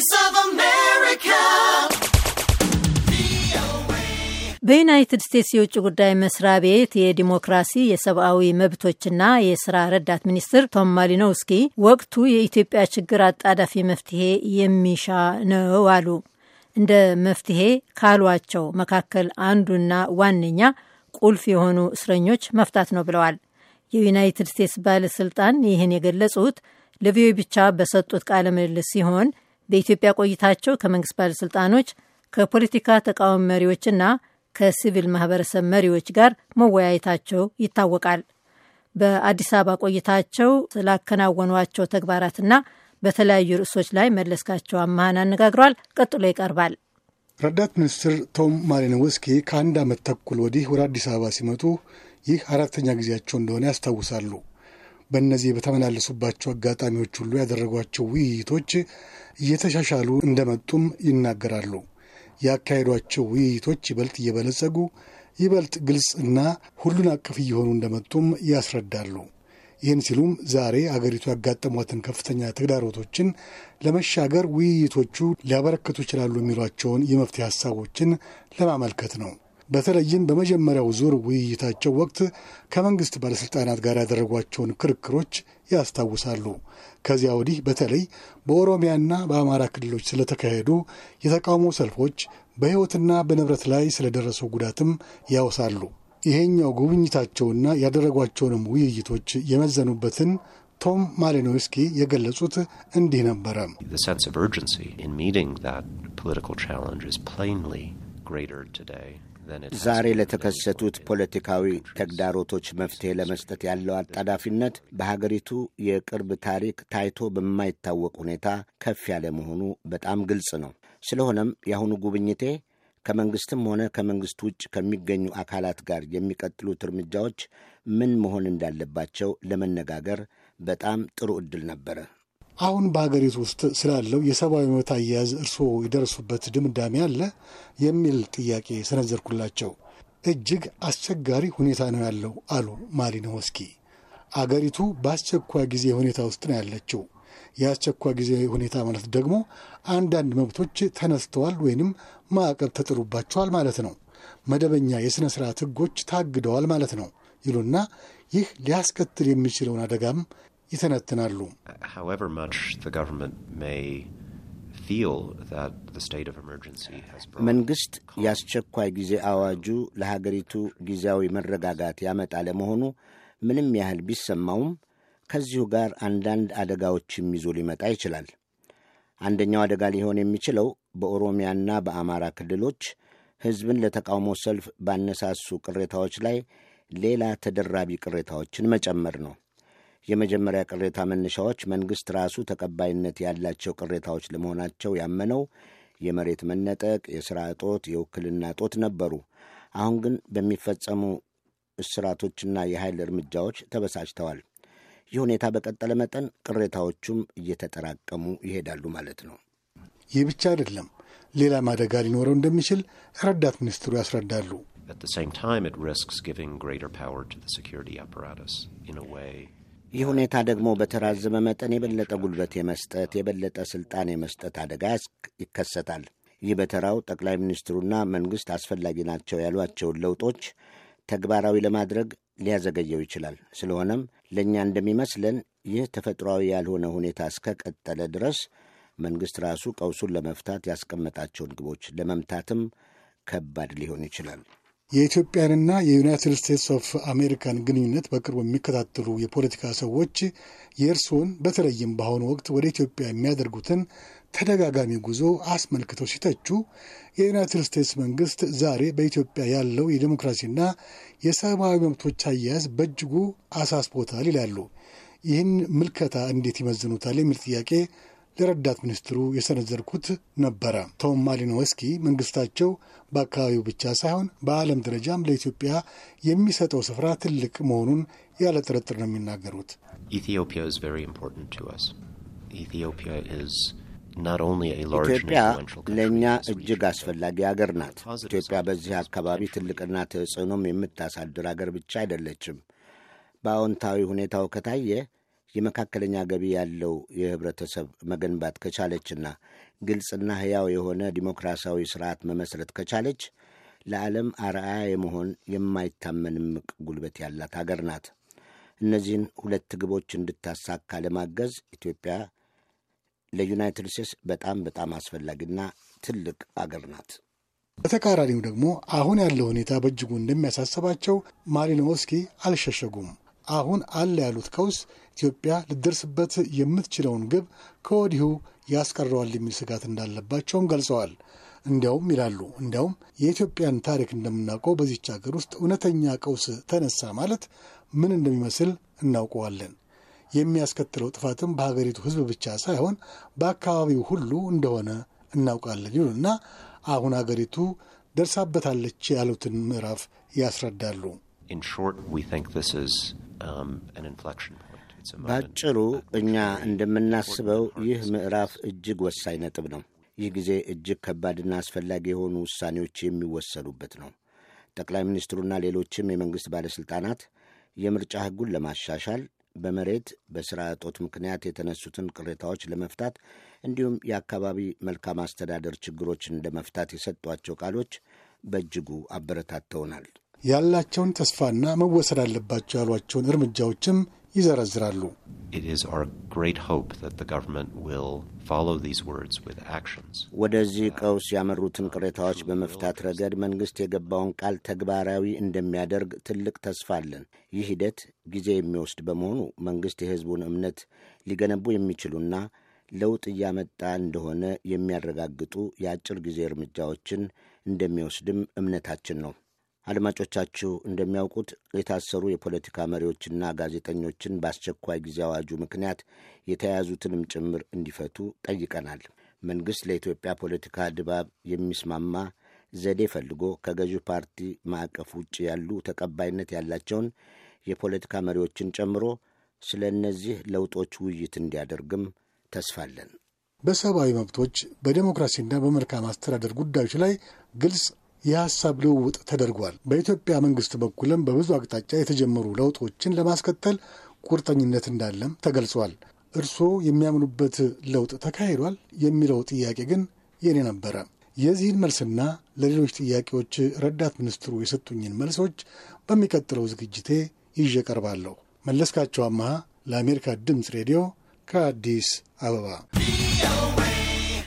Voice of America. በዩናይትድ ስቴትስ የውጭ ጉዳይ መስሪያ ቤት የዲሞክራሲ የሰብአዊ መብቶችና የስራ ረዳት ሚኒስትር ቶም ማሊኖውስኪ ወቅቱ የኢትዮጵያ ችግር አጣዳፊ መፍትሄ የሚሻ ነው አሉ። እንደ መፍትሄ ካሏቸው መካከል አንዱና ዋነኛ ቁልፍ የሆኑ እስረኞች መፍታት ነው ብለዋል። የዩናይትድ ስቴትስ ባለስልጣን ይህን የገለጹት ለቪኦኤ ብቻ በሰጡት ቃለ ምልልስ ሲሆን በኢትዮጵያ ቆይታቸው ከመንግስት ባለሥልጣኖች፣ ከፖለቲካ ተቃዋሚ መሪዎችና ከሲቪል ማህበረሰብ መሪዎች ጋር መወያየታቸው ይታወቃል። በአዲስ አበባ ቆይታቸው ስላከናወኗቸው ተግባራትና በተለያዩ ርዕሶች ላይ መለስካቸው አመሃን አነጋግሯል። ቀጥሎ ይቀርባል። ረዳት ሚኒስትር ቶም ማሊኖውስኪ ከአንድ ዓመት ተኩል ወዲህ ወደ አዲስ አበባ ሲመጡ ይህ አራተኛ ጊዜያቸው እንደሆነ ያስታውሳሉ። በእነዚህ በተመላለሱባቸው አጋጣሚዎች ሁሉ ያደረጓቸው ውይይቶች እየተሻሻሉ እንደመጡም ይናገራሉ። ያካሄዷቸው ውይይቶች ይበልጥ እየበለጸጉ ይበልጥ እና ሁሉን አቀፍ እየሆኑ እንደመጡም ያስረዳሉ። ይህን ሲሉም ዛሬ አገሪቱ ያጋጠሟትን ከፍተኛ ተግዳሮቶችን ለመሻገር ውይይቶቹ ሊያበረክቱ ይችላሉ የሚሏቸውን የመፍትሄ ሀሳቦችን ለማመልከት ነው። በተለይም በመጀመሪያው ዙር ውይይታቸው ወቅት ከመንግስት ባለሥልጣናት ጋር ያደረጓቸውን ክርክሮች ያስታውሳሉ። ከዚያ ወዲህ በተለይ በኦሮሚያና በአማራ ክልሎች ስለተካሄዱ የተቃውሞ ሰልፎች፣ በሕይወትና በንብረት ላይ ስለደረሰው ጉዳትም ያወሳሉ። ይሄኛው ጉብኝታቸውና ያደረጓቸውንም ውይይቶች የመዘኑበትን ቶም ማሊኖስኪ የገለጹት እንዲህ ነበረ። ዛሬ ለተከሰቱት ፖለቲካዊ ተግዳሮቶች መፍትሄ ለመስጠት ያለው አጣዳፊነት በሀገሪቱ የቅርብ ታሪክ ታይቶ በማይታወቅ ሁኔታ ከፍ ያለ መሆኑ በጣም ግልጽ ነው። ስለሆነም የአሁኑ ጉብኝቴ ከመንግስትም ሆነ ከመንግስት ውጭ ከሚገኙ አካላት ጋር የሚቀጥሉት እርምጃዎች ምን መሆን እንዳለባቸው ለመነጋገር በጣም ጥሩ ዕድል ነበረ። አሁን በሀገሪቱ ውስጥ ስላለው የሰብአዊ መብት አያያዝ እርስዎ የደረሱበት ድምዳሜ አለ የሚል ጥያቄ ሰነዘርኩላቸው። እጅግ አስቸጋሪ ሁኔታ ነው ያለው አሉ ማሊኖውስኪ። አገሪቱ በአስቸኳይ ጊዜ ሁኔታ ውስጥ ነው ያለችው። የአስቸኳይ ጊዜ ሁኔታ ማለት ደግሞ አንዳንድ መብቶች ተነስተዋል ወይንም ማዕቀብ ተጥሎባቸዋል ማለት ነው። መደበኛ የሥነ ሥርዓት ሕጎች ታግደዋል ማለት ነው ይሉና ይህ ሊያስከትል የሚችለውን አደጋም ይተነትናሉ። መንግስት የአስቸኳይ ጊዜ አዋጁ ለሀገሪቱ ጊዜያዊ መረጋጋት ያመጣ ለመሆኑ ምንም ያህል ቢሰማውም ከዚሁ ጋር አንዳንድ አደጋዎችም ይዞ ሊመጣ ይችላል። አንደኛው አደጋ ሊሆን የሚችለው በኦሮሚያና በአማራ ክልሎች ሕዝብን ለተቃውሞ ሰልፍ ባነሳሱ ቅሬታዎች ላይ ሌላ ተደራቢ ቅሬታዎችን መጨመር ነው። የመጀመሪያ ቅሬታ መነሻዎች መንግሥት ራሱ ተቀባይነት ያላቸው ቅሬታዎች ለመሆናቸው ያመነው የመሬት መነጠቅ፣ የሥራ እጦት፣ የውክልና እጦት ነበሩ። አሁን ግን በሚፈጸሙ እስራቶችና የኃይል እርምጃዎች ተበሳጭተዋል። ይህ ሁኔታ በቀጠለ መጠን ቅሬታዎቹም እየተጠራቀሙ ይሄዳሉ ማለት ነው። ይህ ብቻ አይደለም፣ ሌላም አደጋ ሊኖረው እንደሚችል ረዳት ሚኒስትሩ ያስረዳሉ። ይህ ሁኔታ ደግሞ በተራዘመ መጠን የበለጠ ጉልበት የመስጠት የበለጠ ስልጣን የመስጠት አደጋ ይከሰታል። ይህ በተራው ጠቅላይ ሚኒስትሩና መንግሥት አስፈላጊ ናቸው ያሏቸውን ለውጦች ተግባራዊ ለማድረግ ሊያዘገየው ይችላል። ስለሆነም ለእኛ እንደሚመስለን ይህ ተፈጥሯዊ ያልሆነ ሁኔታ እስከቀጠለ ድረስ መንግሥት ራሱ ቀውሱን ለመፍታት ያስቀመጣቸውን ግቦች ለመምታትም ከባድ ሊሆን ይችላል። የኢትዮጵያንና የዩናይትድ ስቴትስ ኦፍ አሜሪካን ግንኙነት በቅርቡ የሚከታተሉ የፖለቲካ ሰዎች የእርስዎን በተለይም በአሁኑ ወቅት ወደ ኢትዮጵያ የሚያደርጉትን ተደጋጋሚ ጉዞ አስመልክተው ሲተቹ የዩናይትድ ስቴትስ መንግስት ዛሬ በኢትዮጵያ ያለው የዴሞክራሲና የሰብአዊ መብቶች አያያዝ በእጅጉ አሳስቦታል ይላሉ። ይህን ምልከታ እንዴት ይመዝኑታል? የሚል ጥያቄ ለረዳት ሚኒስትሩ የሰነዘርኩት ነበረ። ቶም ማሊኖወስኪ መንግስታቸው በአካባቢው ብቻ ሳይሆን በዓለም ደረጃም ለኢትዮጵያ የሚሰጠው ስፍራ ትልቅ መሆኑን ያለ ጥርጥር ነው የሚናገሩት። ኢትዮጵያ ለእኛ እጅግ አስፈላጊ አገር ናት። ኢትዮጵያ በዚህ አካባቢ ትልቅና ተጽዕኖም የምታሳድር አገር ብቻ አይደለችም። በአዎንታዊ ሁኔታው ከታየ የመካከለኛ ገቢ ያለው የህብረተሰብ መገንባት ከቻለችና ግልጽና ህያው የሆነ ዲሞክራሲያዊ ስርዓት መመስረት ከቻለች ለዓለም አርአያ የመሆን የማይታመን ጉልበት ያላት አገር ናት። እነዚህን ሁለት ግቦች እንድታሳካ ለማገዝ ኢትዮጵያ ለዩናይትድ ስቴትስ በጣም በጣም አስፈላጊና ትልቅ አገር ናት። በተቃራኒው ደግሞ አሁን ያለው ሁኔታ በእጅጉ እንደሚያሳስባቸው ማሊኖውስኪ አልሸሸጉም። አሁን አለ ያሉት ቀውስ ኢትዮጵያ ልደርስበት የምትችለውን ግብ ከወዲሁ ያስቀረዋል የሚል ስጋት እንዳለባቸውም ገልጸዋል። እንዲያውም ይላሉ እንዲያውም የኢትዮጵያን ታሪክ እንደምናውቀው በዚች ሀገር ውስጥ እውነተኛ ቀውስ ተነሳ ማለት ምን እንደሚመስል እናውቀዋለን። የሚያስከትለው ጥፋትም በሀገሪቱ ሕዝብ ብቻ ሳይሆን በአካባቢው ሁሉ እንደሆነ እናውቃለን ይሉና አሁን ሀገሪቱ ደርሳበታለች ያሉትን ምዕራፍ ያስረዳሉ። um, ባጭሩ እኛ እንደምናስበው ይህ ምዕራፍ እጅግ ወሳኝ ነጥብ ነው። ይህ ጊዜ እጅግ ከባድና አስፈላጊ የሆኑ ውሳኔዎች የሚወሰዱበት ነው። ጠቅላይ ሚኒስትሩና ሌሎችም የመንግሥት ባለሥልጣናት የምርጫ ሕጉን ለማሻሻል በመሬት በሥራ እጦት ምክንያት የተነሱትን ቅሬታዎች ለመፍታት እንዲሁም የአካባቢ መልካም አስተዳደር ችግሮችን ለመፍታት የሰጧቸው ቃሎች በእጅጉ አበረታተውናል። ያላቸውን ተስፋና መወሰድ አለባቸው ያሏቸውን እርምጃዎችም ይዘረዝራሉ። ወደዚህ ቀውስ ያመሩትን ቅሬታዎች በመፍታት ረገድ መንግሥት የገባውን ቃል ተግባራዊ እንደሚያደርግ ትልቅ ተስፋ አለን። ይህ ሂደት ጊዜ የሚወስድ በመሆኑ መንግሥት የሕዝቡን እምነት ሊገነቡ የሚችሉና ለውጥ እያመጣ እንደሆነ የሚያረጋግጡ የአጭር ጊዜ እርምጃዎችን እንደሚወስድም እምነታችን ነው። አድማጮቻችሁ እንደሚያውቁት የታሰሩ የፖለቲካ መሪዎችና ጋዜጠኞችን በአስቸኳይ ጊዜ አዋጁ ምክንያት የተያያዙትንም ጭምር እንዲፈቱ ጠይቀናል። መንግሥት ለኢትዮጵያ ፖለቲካ ድባብ የሚስማማ ዘዴ ፈልጎ ከገዢው ፓርቲ ማዕቀፍ ውጭ ያሉ ተቀባይነት ያላቸውን የፖለቲካ መሪዎችን ጨምሮ ስለ እነዚህ ለውጦች ውይይት እንዲያደርግም ተስፋለን። በሰብአዊ መብቶች በዴሞክራሲና በመልካም አስተዳደር ጉዳዮች ላይ ግልጽ የሀሳብ ልውውጥ ተደርጓል። በኢትዮጵያ መንግስት በኩልም በብዙ አቅጣጫ የተጀመሩ ለውጦችን ለማስከተል ቁርጠኝነት እንዳለም ተገልጿል። እርስዎ የሚያምኑበት ለውጥ ተካሂዷል የሚለው ጥያቄ ግን የኔ ነበረ። የዚህን መልስና ለሌሎች ጥያቄዎች ረዳት ሚኒስትሩ የሰጡኝን መልሶች በሚቀጥለው ዝግጅቴ ይዤ ቀርባለሁ። መለስካቸው አመሃ ለአሜሪካ ድምፅ ሬዲዮ ከአዲስ አበባ